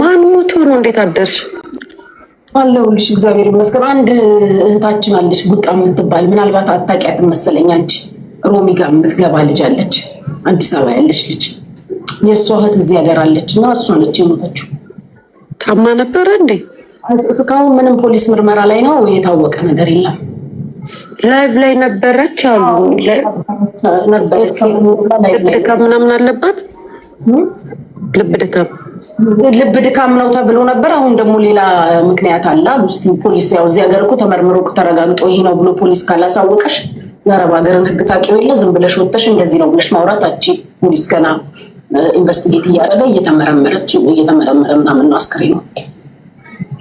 ማን ሞቶ ነው? እንዴት አደርሽ? አለሁልሽ፣ እግዚአብሔር ይመስገን። አንድ እህታችን አለች ቡጣ የምትባል ምናልባት አታውቂያት መሰለኝ። አንቺ ሮሚ ጋር የምትገባ ልጅ አለች፣ አዲስ አበባ ያለች ልጅ። የእሷ እህት እዚህ ሀገር አለች እና እሷ ነች የሞተችው። ታማ ነበረ እንዴ? እስካሁን ምንም ፖሊስ ምርመራ ላይ ነው፣ የታወቀ ነገር የለም። ላይቭ ላይ ነበረች አሉ። ልብ ድካም ምናምን አለባት። ልብ ድካም ልብ ድካም ነው ተብሎ ነበር። አሁን ደግሞ ሌላ ምክንያት አለ አሉ። እስኪ ፖሊስ ያው እዚህ ሀገር እኮ ተመርምሮ ተረጋግጦ ይሄ ነው ብሎ ፖሊስ ካላሳወቀሽ የአረብ ሀገርን ህግ ታውቂው የለ ዝም ብለሽ ወጥተሽ እንደዚህ ነው ብለሽ ማውራት አቺ ፖሊስ ገና ኢንቨስቲጌት እያደረገ እየተመረመረች እየተመረመረ ምናምን ነው አስክሬ ነው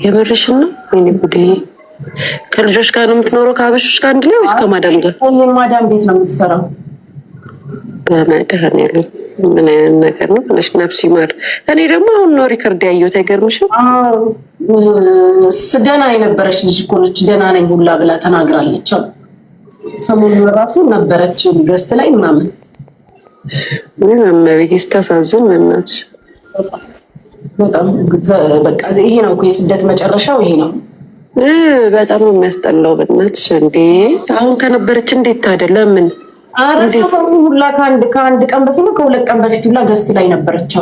የበርሽ ነው ወይ ጉዴ ከልጆች ጋር ነው የምትኖረው ከአበሾች ጋር አንድ ላይ ወይስ ከማዳም ጋር ማዳም ቤት ነው የምትሰራው መድኃኔዓለም ምን አይነት ነገር ነው ብለሽ ነፍስ ይማር። እኔ ደግሞ አሁን ነው ሪከርድ ያየሁት። አይገርምሽም? ስደና የነበረች ልጅ እኮ ነች። ደህና ነኝ ሁላ ብላ ተናግራለች። ሰሞኑን ራሱ ነበረች ገስት ላይ ምናምን። እመቤቴ ስታሳዝን፣ በእናትሽ በጣም በቃ ይሄ ነው የስደት መጨረሻው ይሄ ነው። በጣም የሚያስጠላው በእናትሽ። እንዴ አሁን ከነበረች እንዴት ታደለ ምን ሁላ ከአንድ ቀን በፊት ከሁለት ቀን በፊት ሁላ ገስት ላይ ነበረች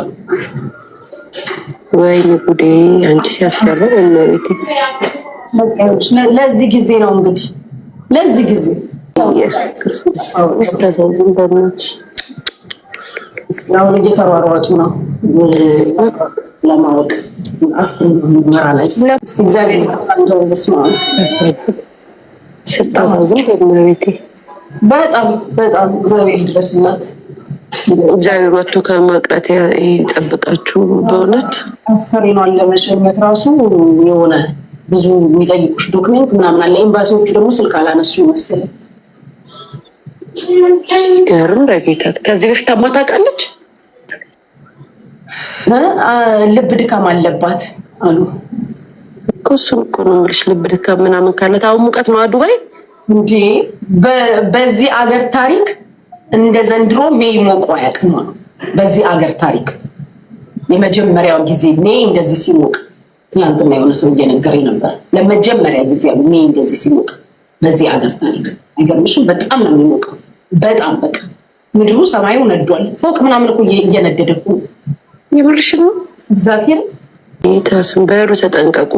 ወይኔ ጉዴ! አንቺ ሲያስፈራ ለዚህ ጊዜ ነው እንግዲህ ለዚህ ጊዜ ኢየሱስ እየተሯሯጡ ነው ለማወቅ ምርመራ ላይ እግዚአብሔር ስታሳዝም በናቤቴ በጣም በጣም እግዚአብሔር ይድረስላት። እግዚአብሔር ወጥቶ ከመቅረት ይጠብቃችሁ። በእውነት አስከሬኗን ለመሸኘት ራሱ የሆነ ብዙ የሚጠይቁሽ ዶክሜንት ምናምን አለ። ኤምባሲዎቹ ደግሞ ስልክ አላነሱ ይመስል ገርም ረጌታ ከዚህ በፊት ታውቃለች ልብ ድካም አለባት አሉ። እሱን እኮ ነው የምልሽ። ልብ ድካም ምናምን ካለት አሁን ሙቀት ነው አዱባይ እንዴ በዚህ አገር ታሪክ እንደ ዘንድሮ ሜይ ሞቆ አያውቅም። በዚህ አገር ታሪክ የመጀመሪያው ጊዜ ሜይ እንደዚህ ሲሞቅ ትናንትና የሆነ ሰው እየነገረኝ ነበር። ለመጀመሪያ ጊዜ ሜይ እንደዚህ ሲሞቅ በዚህ አገር ታሪክ አይገርምሽም? በጣም ነው የሚሞቀው። በጣም በቃ ምድሩ ሰማዩ ነዷል። ፎቅ ምናምን እኮ እየነደደ እኮ የምርሽ ነው። እግዚአብሔር በሩ ተጠንቀቁ።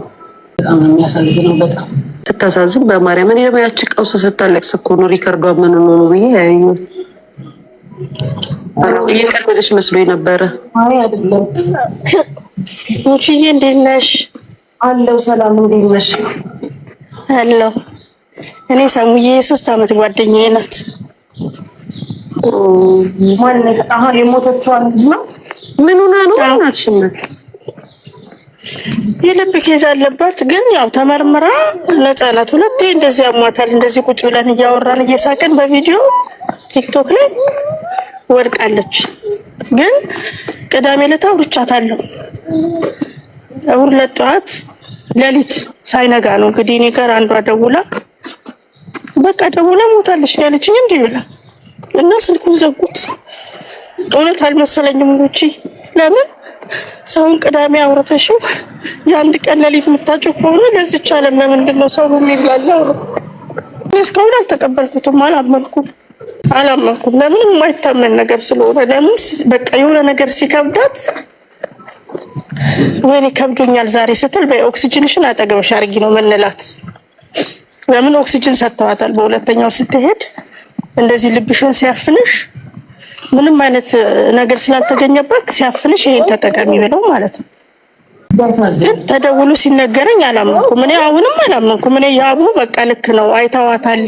በጣም ነው የሚያሳዝነው በጣም ስታሳዝን በማርያም እኔ ደግሞ ያቺ ቀውስ ስታለቅስ እኮ ነው ሪከርዷ ምን ሆኖ ብዬ ያዩ እየቀለደች መስሎ ነበረ። አይደለም። ሞችዬ እንዴት ነሽ? አለው ሰላም፣ እንዴት ነሽ? አለው። እኔ ሰሙዬ የሶስት አመት ጓደኛዬ ናት። የሞተችዋን ልጅ ነው። ምን ሆና ነው የልብ ኬዝ አለባት። ግን ያው ተመርምራ ነጻ ናት። ሁለቴ እንደዚህ አሟታል። እንደዚህ ቁጭ ብለን እያወራን እየሳቅን በቪዲዮ ቲክቶክ ላይ ወድቃለች። ግን ቅዳሜ ዕለት አውርቻታለሁ። እሑድ ዕለት ጠዋት ሌሊት ሳይነጋ ነው እንግዲህ እኔ ጋር አንዷ ደውላ በቃ ደውላ ሞታለች ያለችኝ እንዲህ ብላ እና ስልኩን ዘጉት። እውነት አልመሰለኝም ጉቺ ለምን ሰውን ቅዳሜ አውርተሽው የአንድ ቀን ሌሊት የምታጭው ከሆነ ለዚች ዓለም ለምንድን ነው ሰው የሚብላለው? እስካሁን አልተቀበልኩትም፣ አላመንኩም አላመንኩም። ለምን የማይታመን ነገር ስለሆነ ለምን በቃ የሆነ ነገር ሲከብዳት ወይኔ ከብዶኛል ዛሬ ስትል በኦክሲጅንሽን አጠገብሽ አድርጊ ነው ምንላት። ለምን ኦክሲጅን ሰጥተዋታል። በሁለተኛው ስትሄድ እንደዚህ ልብሽን ሲያፍንሽ ምንም አይነት ነገር ስላልተገኘበት ሲያፍንሽ ይሄን ተጠቀሚ ብለው ማለት ነው። ግን ተደውሎ ሲነገረኝ አላመንኩም። እኔ አሁንም አላመንኩም። እኔ የአቡ በቃ ልክ ነው አይተዋታል፣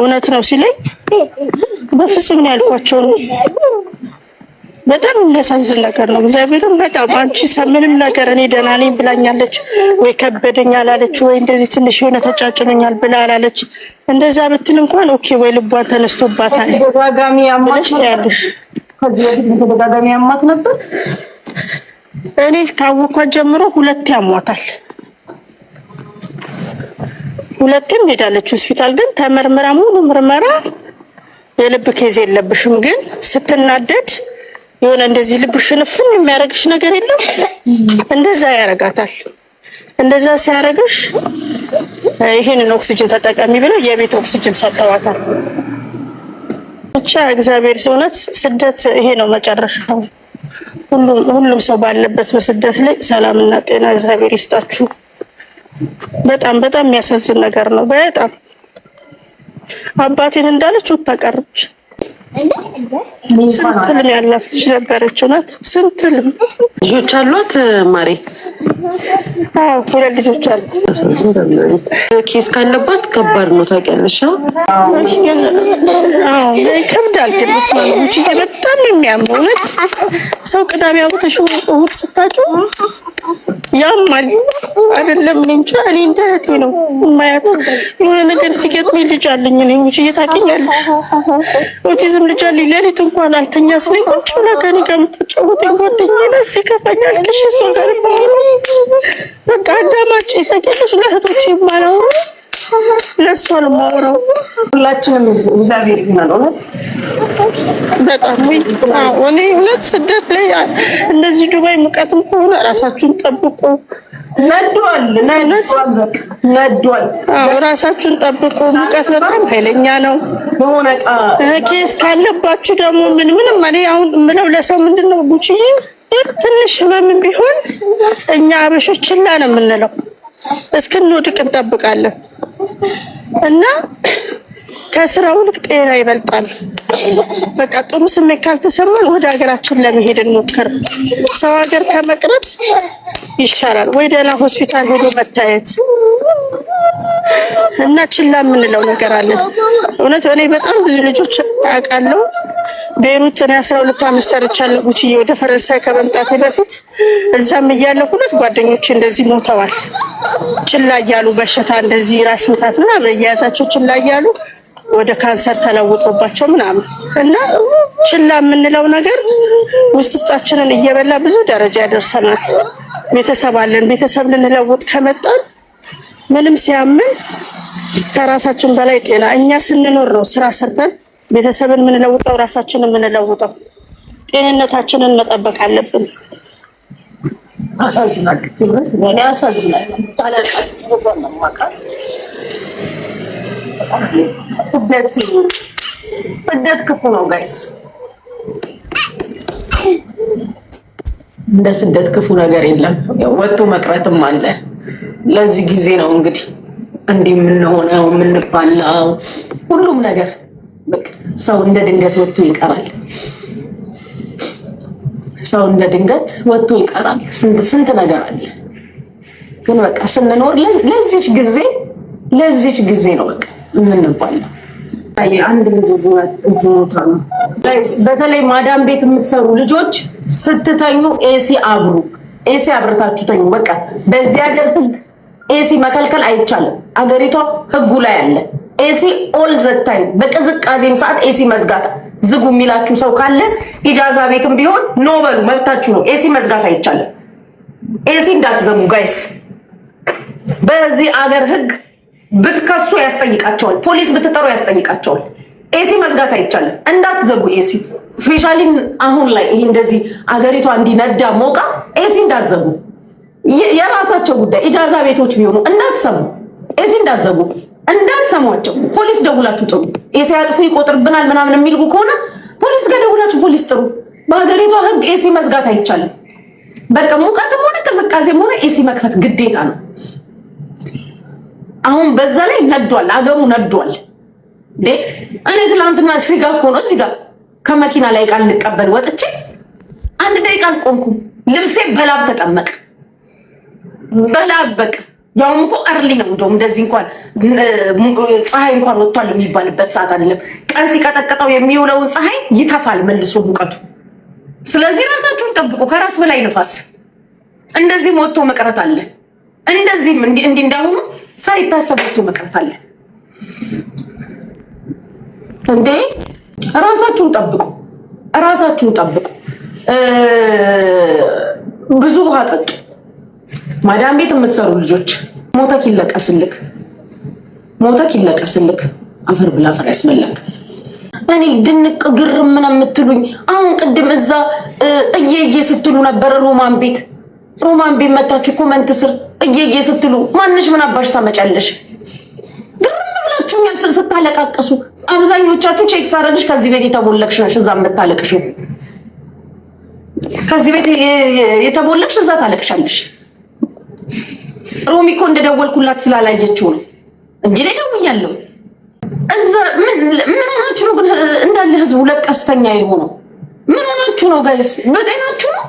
እውነት ነው ሲለኝ በፍጹም ነው ያልኳቸው ነው በጣም የሚያሳዝን ነገር ነው። እግዚአብሔርም በጣም አንቺ ምንም ነገር እኔ ደህና ነኝ ብላኛለች ወይ ከበደኝ አላለች ወይ እንደዚህ ትንሽ የሆነ ተጫጭኖኛል ብላ አላለች። እንደዛ ብትል እንኳን ኦኬ ወይ ልቧን ተነስቶባታል ብለሽ ታያለሽ። ተደጋጋሚ ያማት ነበር። እኔ ካወኳት ጀምሮ ሁለቴ ያሟታል። ሁለቴም ሄዳለች ሆስፒታል። ግን ተመርምራ ሙሉ ምርመራ የልብ ኬዝ የለብሽም ግን ስትናደድ የሆነ እንደዚህ ልብ ሽንፍን የሚያደርግሽ ነገር የለም። እንደዛ ያረጋታል። እንደዛ ሲያደርግሽ ይህንን ኦክሲጅን ተጠቀሚ ብለው የቤት ኦክሲጅን ሰጠዋታል። ብቻ እግዚአብሔር እውነት ስደት ይሄ ነው መጨረሻው። ሁሉም ሁሉም ሰው ባለበት በስደት ላይ ሰላምና ጤና እግዚአብሔር ይስጣችሁ። በጣም በጣም የሚያሳዝን ነገር ነው። በጣም አባቴን እንዳለች ተቀርብሽ ስንት ልም ያላት ልጅ ነበረች። እውነት ስንት ልጆች አሏት ማሬ? ሁለት ልጆች አሉ። ኬስ ካለባት ከባድ ነው ታውቂያለሽ። ይከብዳል። ግን መስማ በጣም የሚያምር እውነት ሰው ቅዳሜ አቡ እሑድ ስታጩ ያማል አይደለም። እኔ እንጃ እኔ እንደ እህቴ ነው የማያት። የሆነ ነገር ሲገጥመኝ ልጅ አለኝ እኔ ውጭ እየታገኛለች ኦቲዝም ልጅ አለኝ። ሌሊት እንኳን አልተኛ ስለኝ ቁጭ ብላ ከእኔ ጋር የምትጫወተኝ ጓደኛዬ ናት። ሲከፋኝ አልቅሼ ጋር በቃ አዳማጭ የተገለች ለእህቶች የማላወራው ለእሷ ነው የማወራው። ሁላችንም እግዚአብሔር ይሆናል። እውነት በጣም እኔ እውነት ስደት ላይ እንደዚህ ዱባይ ሙቀትም ከሆነ ራሳችሁን ጠብቁ። ነዷል ራሳችሁን ጠብቁ። ሙቀት በጣም ኃይለኛ ነው። ኬስ ካለባችሁ ደግሞ ምን ምንም እኔ አሁን ምለው ለሰው ምንድን ነው ጉቺዬ፣ ትንሽ ህመምን ቢሆን እኛ አበሾች ችላ ነው የምንለው። እስክንወድቅ እንጠብቃለን። እና ከስራው ልክ ጤና ይበልጣል። በቃ ጥሩ ስሜት ካልተሰማን ወደ ሀገራችን ለመሄድ እንሞክር። ሰው ሀገር ከመቅረት ይሻላል። ወይ ደህና ሆስፒታል ሄዶ መታየት እና ችላ የምንለው ነገር አለ። እውነት እኔ በጣም ብዙ ልጆች አውቃለሁ። ቤይሩት እኔ አስራ ሁለት ዓመት ሰርቻለሁ ጉቺዬ፣ ወደ ፈረንሳይ ከመምጣቴ በፊት እዛም እያለሁ ሁለት ጓደኞች እንደዚህ ሞተዋል። ችላ እያሉ በሽታ እንደዚህ ራስ ምታት ምናምን እያያዛቸው ችላ እያሉ ወደ ካንሰር ተለውጦባቸው ምናምን እና ችላ የምንለው ነገር ውስጥ ውስጣችንን እየበላ ብዙ ደረጃ ያደርሰናል። ቤተሰብ አለን። ቤተሰብ ልንለውጥ ከመጣን ምንም ሲያምን ከራሳችን በላይ ጤና እኛ ስንኖር ነው ስራ ሰርተን ቤተሰብን የምንለውጠው ራሳችንን የምንለውጠው። ጤንነታችንን መጠበቅ አለብን። አሳዝናል። ስደት ስደት ክፉ ነው ጋይስ። እንደ ስደት ክፉ ነገር የለም። ወጥቶ መቅረትም አለ። ለዚህ ጊዜ ነው እንግዲህ እንዲህ የምንሆነው የምንባላው ሁሉም ነገር ሰው እንደ ድንገት ወጥቶ ይቀራል። ሰው እንደ ድንገት ወጥቶ ይቀራል። ስንት ነገር አለ ግን በቃ ስንኖር ለዚች ጊዜ ለዚች ጊዜ ነው በቃ የምንባለው። አንድ ልጅ እዚህ ቦታ ነው። በተለይ ማዳም ቤት የምትሰሩ ልጆች ስትተኙ ኤሲ አብሩ፣ ኤሲ አብርታችሁ ተኙ። በቃ በዚህ ሀገር ህግ ኤሲ መከልከል አይቻልም። አገሪቷ ህጉ ላይ አለ። ኤሲ ኦል ዘታይም በቅዝቃዜም ሰዓት ኤሲ መዝጋት ዝጉ የሚላችሁ ሰው ካለ ኢጃዛ ቤትም ቢሆን ኖ በሉ፣ መብታችሁ ነው። ኤሲ መዝጋት አይቻልም። ኤሲ እንዳትዘጉ ጋይስ፣ በዚህ አገር ህግ ብትከሱ ያስጠይቃቸዋል። ፖሊስ ብትጠሩ ያስጠይቃቸዋል። ኤሲ መዝጋት አይቻልም። እንዳትዘጉ ኤሲ ስፔሻሊ አሁን ላይ ይህ እንደዚህ አገሪቷ እንዲነዳ ሞቃ ኤሲ እንዳትዘጉ። የራሳቸው ጉዳይ ኢጃዛ ቤቶች ቢሆኑ እንዳትሰሙ፣ ኤሲ እንዳትዘጉ፣ እንዳትሰሟቸው። ፖሊስ ደውላችሁ ጥሩ ኤሲ አጥፉ ይቆጥርብናል ምናምን የሚልጉ ከሆነ ፖሊስ ጋር ደውላችሁ ፖሊስ ጥሩ። በሀገሪቷ ህግ ኤሲ መዝጋት አይቻልም። በቃ ሙቀትም ሆነ ቅዝቃዜም ሆነ ኤሲ መክፈት ግዴታ ነው። አሁን በዛ ላይ ነዷል፣ አገሩ ነዷል። እንዴ እኔ ትላንትና ስጋ እኮ ነው ስጋ ከመኪና ላይ ቃል ልቀበል ወጥቼ አንድ ደቂቃ አልቆምኩም። ልብሴ በላብ ተጠመቀ፣ በላብ በቃ ያውም እኮ እርሊ ነው። እንደውም እንደዚህ እንኳን ፀሐይ እንኳን ወጥቷል የሚባልበት ሰዓት አይደለም። ቀን ሲቀጠቀጠው የሚውለውን ፀሐይ ይተፋል መልሶ ሙቀቱ። ስለዚህ ራሳችሁን ጠብቁ። ከራስ በላይ ነፋስ እንደዚህም ወጥቶ መቅረት አለ። እንደዚህም እንዲህ እንዳሁኑ ሳይታሰብ ወጥቶ መቅረት አለ እንዴ? ራሳችሁን ጠብቁ፣ ራሳችሁን ጠብቁ። ብዙ ውሃ ጠጡ። ማዳም ቤት የምትሰሩ ልጆች ሞተክ ይለቀስልክ፣ ሞተክ ይለቀስልክ። አፈር ብላ አፈር ያስበላክ። እኔ ድንቅ ግር ምን የምትሉኝ አሁን ቅድም እዛ እየየ ስትሉ ነበር። ሮማን ቤት ሮማን ቤት መታችሁ ኮመንት ስር እየዬ ስትሉ ማንሽ ምን አባሽ ታመጫለሽ? ግርም ብላችሁኛል ስታለቃቀሱ። አብዛኞቻችሁ ቼክ ሳረግሽ ከዚህ ቤት የተቦለቅሽ ነሽ፣ እዛ የምታለቅሽው ከዚህ ቤት የተቦለቅሽ እዛ ታለቅሻለሽ። ሮሚ እኮ እንደደወልኩላት ስላላየችው ነው እንጂ ላይ ደውያለሁ። እዛ ምን ሆናችሁ ነው ግን እንዳለ ህዝቡ ለቀስተኛ የሆነው ምን ሆናችሁ ነው ጋይስ? በጤናችሁ ነው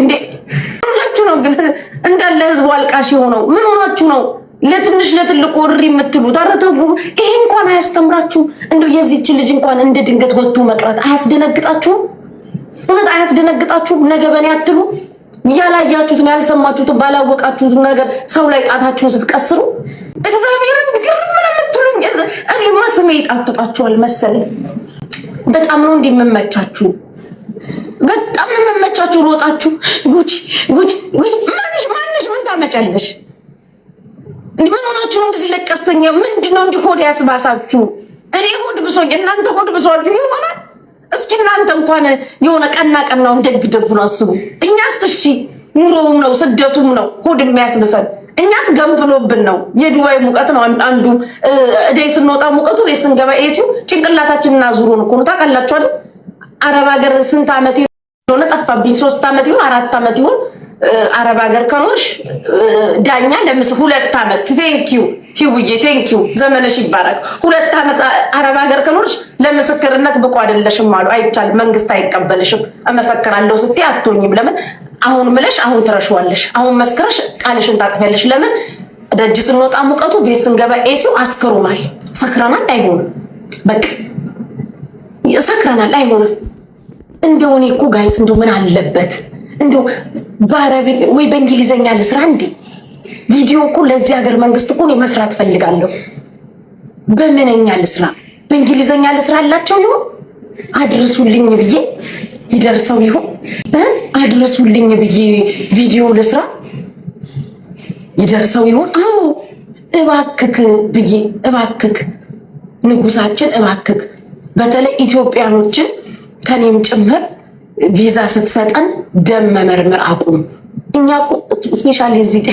እንዴ? ምን ሆናችሁ ነው ግን እንዳለ ህዝቡ አልቃሽ የሆነው ምን ሆናችሁ ነው? ለትንሽ ለትልቁ እሪ የምትሉት አረተቡ ይሄ እንኳን አያስተምራችሁ። እንደው የዚች ልጅ እንኳን እንደ ድንገት ወጥቶ መቅረት አያስደነግጣችሁም? እውነት አያስደነግጣችሁም? ነገ በኔ አትሉ ያላያችሁትን ያልሰማችሁትን ባላወቃችሁት ነገር ሰው ላይ ጣታችሁን ስትቀስሩ እግዚአብሔርን ግርም ነው የምትሉኝ። እኔማ ስሜ ይጣፍጣችኋል መሰለኝ። በጣም ነው እንዲህ የምመቻችሁ። በጣም የምመቻችሁ ሮጣችሁ ጉጂ ጉጂ ጉጂ። ማንሽ ማንሽ ምን ታመጫለሽ? እንዲህ ምን ሆናችሁ እንደዚህ ለቀስተኛ? ምንድነው እንዲህ ሆድ ያስባሳችሁ? እኔ ሆድ ብሶኝ እናንተ ሆድ ብሷችሁ ይሆናል። እስኪ እናንተ እንኳን የሆነ ቀና ቀናውን ደግ ደጉን አስቡ። እኛስ እሺ ኑሮውም ነው ስደቱም ነው ሆድ የሚያስብሰን እኛስ ገንፍሎብን ነው። የዱባይ ሙቀት ነው አንዱ እደይ ስንወጣ ሙቀቱ ቤት ስንገባ ኤሲው ጭንቅላታችንን አዙሮን እኮ ነው። ታውቃላችኋል። አረብ ሀገር ስንት ዓመት ከሆነ ጠፋብኝ። ሶስት ዓመት ይሁን አራት ዓመት ይሁን አረብ ሀገር ከኖርሽ ዳኛ ለምስ ሁለት ዓመት ቴንኪዩ ሂውዬ ቴንኪዩ ዘመነሽ ይባረክ። ሁለት ዓመት አረብ ሀገር ከኖርሽ ለምስክርነት ብቁ አይደለሽም አሉ። አይቻልም፣ መንግስት አይቀበልሽም። እመሰክራለሁ ስትይ አትሆኝም። ለምን አሁን ምለሽ አሁን ትረሽዋለሽ። አሁን መስክረሽ ቃልሽን ታጥፊያለሽ። ለምን ደጅ ስንወጣ ሙቀቱ፣ ቤት ስንገባ ኤሲው አስክሩናል። ሰክረናል፣ አይሆንም። በቃ ሰክረናል፣ አይሆንም። እንደው እኔ እኮ ጋይስ እንደው ምን አለበት እንደው በአረብ ወይ በእንግሊዘኛ ልስራ እንዴ ቪዲዮ እኮ ለዚህ ሀገር መንግስት እኮ እኔ መስራት ፈልጋለሁ። በምንኛ ልስራ? በእንግሊዘኛ ልስራ አላቸው ይሁን አድርሱልኝ ብዬ ይደርሰው ይሁን አድርሱልኝ ብዬ ቪዲዮ ልስራ ይደርሰው ይሁን አሁ እባክክ ብዬ እባክክ ንጉሳችን እባክክ በተለይ ኢትዮጵያኖችን ከኔም ጭምር ቪዛ ስትሰጠን ደም መመርመር አቁም። እኛ ስፔሻሊ እዚህ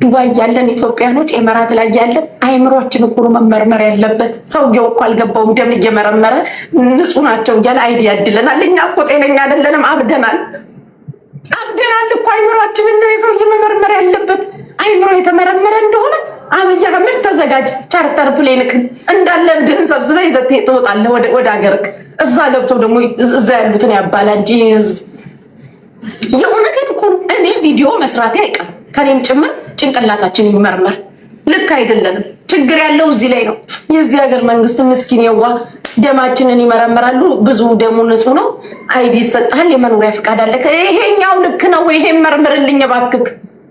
ዱባይ ያለን ኢትዮጵያኖች፣ ኤመራት ላይ ያለን አይምሯችን እኮ መመርመር ያለበት። ሰውየው እኮ አልገባውም፣ ደም እየመረመረ ንጹህ ናቸው እያለ አይዲ ያድለናል። እኛ እኮ ጤነኛ አይደለንም፣ አብደናል። አብደላል እኮ አይምሯችንን ነው የሰው መመርመር ያለበት። አይምሮ የተመረመረ እንደሆነ አብይ አህመድ ተዘጋጅ፣ ቻርተር ፕሌንክ እንዳለ እብድህን ሰብስበ ይዘት ትወጣለህ ወደ ሀገርህ። እዛ ገብተው ደግሞ እዛ ያሉትን ያባላ እንጂ ህዝብ የእውነቴን እኮ እኔ ቪዲዮ መስራቴ አይቀርም። ከኔም ጭምር ጭንቅላታችን ይመርመር። ልክ አይደለንም። ችግር ያለው እዚህ ላይ ነው። የዚህ ሀገር መንግስት ምስኪን የዋ ደማችንን ይመረምራሉ። ብዙ ደሙን ንጹህ ነው። አይዲ ይሰጣል። የመኖሪያ ፍቃድ አለ። ይሄኛው ልክ ነው። ይሄን መርምርልኝ እባክህ።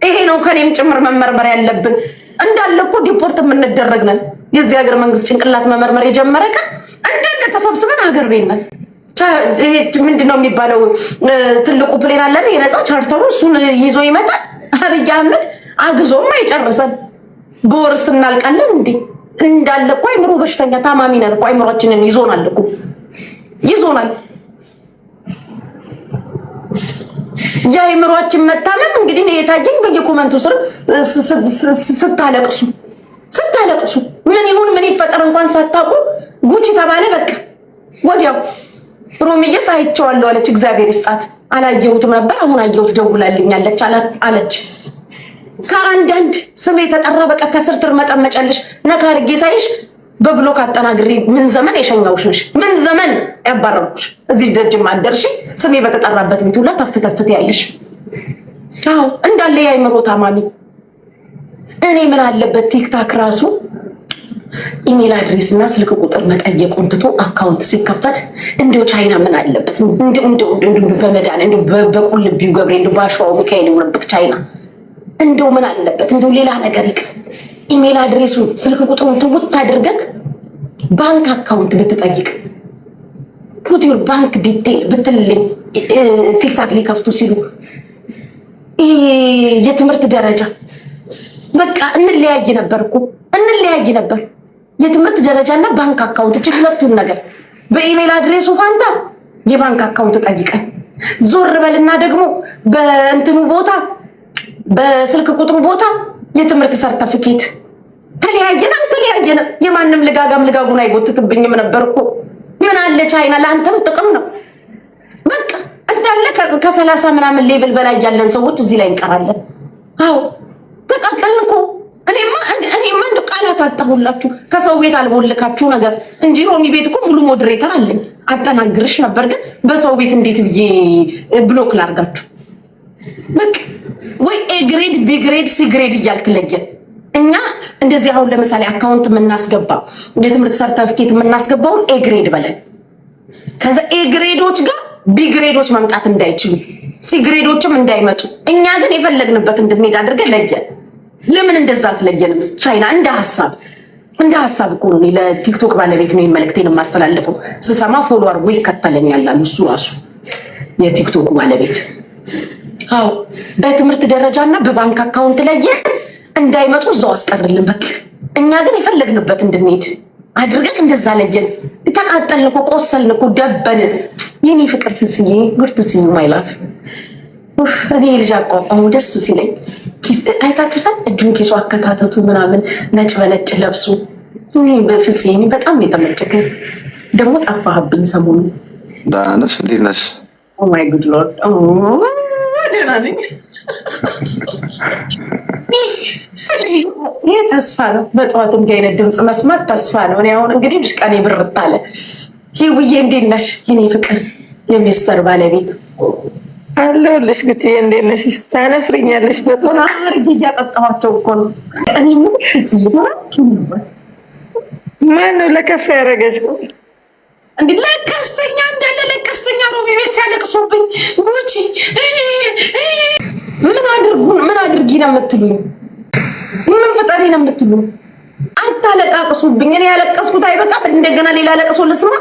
ይሄ ነው ከኔም ጭምር መመርመር ያለብን። እንዳለ እኮ ዲፖርት የምንደረግ ነን። የዚህ ሀገር መንግስት ጭንቅላት መመርመር የጀመረ ቀን እንዳለ ተሰብስበን ሀገር ቤት ነን። ነው የሚባለው? ትልቁ ፕሌን አለን የነፃ ቻርተሩ፣ እሱን ይዞ ይመጣል አብይ አህመድ አግዞም አይጨርሰን። በወርስ እናልቃለን እንዴ? እንዳለ እኮ አይምሮ በሽተኛ ታማሚ ነን እኮ አይምሮችንን ይዞናል እኮ ይዞናል። የአይምሯችን መታመም እንግዲህ ነው የታየኝ። በየኮመንቱ ስር ስታለቅሱ ስታለቅሱ ምን ይሁን ምን ይፈጠር እንኳን ሳታውቁ ጉቺ ተባለ በቃ ወዲያው ሮሚዬስ አይቼዋለሁ አለች። እግዚአብሔር ይስጣት አላየሁትም ነበር አሁን አየሁት ደውላልኛለች አለች ከአንዳንድ ስም የተጠራ በቃ ከስር ትርመጠመጫለሽ። ነካ አድርጌ ሳይሽ በብሎክ አጠናግሬ ምን ዘመን የሸኛውሽ ነሽ? ምን ዘመን ያባረርኩሽ? እዚህ ደጅም አደርሽ ስሜ በተጠራበት ቤት ሁላ ተፍ ተፍ ትያለሽ። አዎ እንዳለ የአይምሮ ታማሚ። እኔ ምን አለበት ቲክታክ ራሱ ኢሜል አድሬስ እና ስልክ ቁጥር መጠየቁን ትቶ አካውንት ሲከፈት እንዲሁ ቻይና ምን አለበት በመዳን በቁልቢው ገብሬ እንዲሁ በአሸዋው ሚካኤል ይሆንብክ ቻይና እንደው ምን አለበት እንደው ሌላ ነገር ይቅር፣ ኢሜል አድሬሱን ስልክ ቁጥሩን ትውት አድርገህ ባንክ አካውንት ብትጠይቅ ፑቲር ባንክ ዲቴል ብትልልኝ ቲክታክ ሊከፍቱ ሲሉ የትምህርት ደረጃ በቃ እንለያይ ነበር እኮ እንለያይ ነበር። የትምህርት ደረጃ እና ባንክ አካውንት ችግር ሁለቱን ነገር በኢሜል አድሬሱ ፋንታ የባንክ አካውንት ጠይቀን ዞር በልና ደግሞ በእንትኑ ቦታ በስልክ ቁጥሩ ቦታ የትምህርት ሰርተፊኬት ተለያየን ተለያየና የማንም ልጋጋም ልጋጉን አይጎትትብኝም ነበር እኮ ምን አለ ቻይና ለአንተም ጥቅም ነው። በቃ እንዳለ ከሰላሳ ምናምን ሌቭል በላይ ያለን ሰዎች እዚህ ላይ እንቀራለን። አዎ ተቃቀልን እኮ እኔማ እኔማ እንደው ቃላት አጠሁላችሁ ከሰው ቤት አልቦልካችሁ ነገር እንጂ ሮሚ ቤት እኮ ሙሉ ሞድሬተር አለኝ አጠናግርሽ ነበር። ግን በሰው ቤት እንዴት ብዬ ብሎክ ላርጋችሁ በቃ ወይ ኤግሬድ ቢግሬድ ሲግሬድ እያልክ ለየን። እኛ እንደዚህ አሁን ለምሳሌ አካውንት የምናስገባው የትምህርት ሰርተፍኬት የምናስገባውን ኤግሬድ በለን። ከዛ ኤግሬዶች ጋር ቢግሬዶች መምጣት እንዳይችሉ ሲግሬዶችም እንዳይመጡ እኛ ግን የፈለግንበት እንድንሄድ አድርገን ለየን። ለምን እንደዛ አትለየንም? ቻይና እንደ ሀሳብ እንደ ሀሳብ እኮ ነው። ለቲክቶክ ባለቤት ነው መልእክቴን የማስተላለፈው። ስሰማ ፎሎ አድርጎ ይከተለኛል አሉ እሱ ራሱ የቲክቶክ ባለቤት አዎ በትምህርት እና በባንክ አካውንት ላይ እንዳይመጡ እዛው አስቀርልን። በቃ እኛ ግን የፈለግንበት እንድንሄድ አድርገህ እንደዛ ለየን። ተቃጠልን እኮ ቆሰልን እኮ ደበንን። የኔ ፍቅር ፍጽዬ ጉርቱ ስዩ ማይላፍ እኔ ልጅ አቋቋሙ ደስ ሲለኝ አይታችሁታል። እጁን ኬሱ አከታተቱ ምናምን ነጭ በነጭ ለብሱ ፍጽዬ በጣም የተመቸከኝ። ደግሞ ጠፋህብኝ ሰሞኑን። ደህና ነሽ? እንዴት ነሽ? ኦ ማይ ጉድ ሎርድ ደህና ነኝ። ይህ ተስፋ ነው። በጠዋት እንዲህ አይነት ድምፅ መስማት ተስፋ ነው። እኔ አሁን እንግዲህ ልሽ ቀኔ ብታለ አለ። ሂውዬ እንዴት ነሽ የኔ ፍቅር የሚስተር ባለቤት አለሁልሽ ግጭ እንዴት ነሽ? ታነፍርኛለሽ። በጣም አርግ እያጠጣኋቸው እኮ ነው። እኔ ምን ማነው ለከፍ ያደረገች? እንዲ ለቀስተኛ እንዳለ ለቀስተኛ ነው ቤት ሲያለቅሱብኝ፣ ጉቺ ምን አድርጉ ምን አድርጊ ነው የምትሉኝ? ምን ፈጣሪ ነው የምትሉኝ? አታለቃቅሱብኝ። እኔ ያለቀስኩት አይበቃም? እንደገና ሌላ ለቅሶ ልስማ።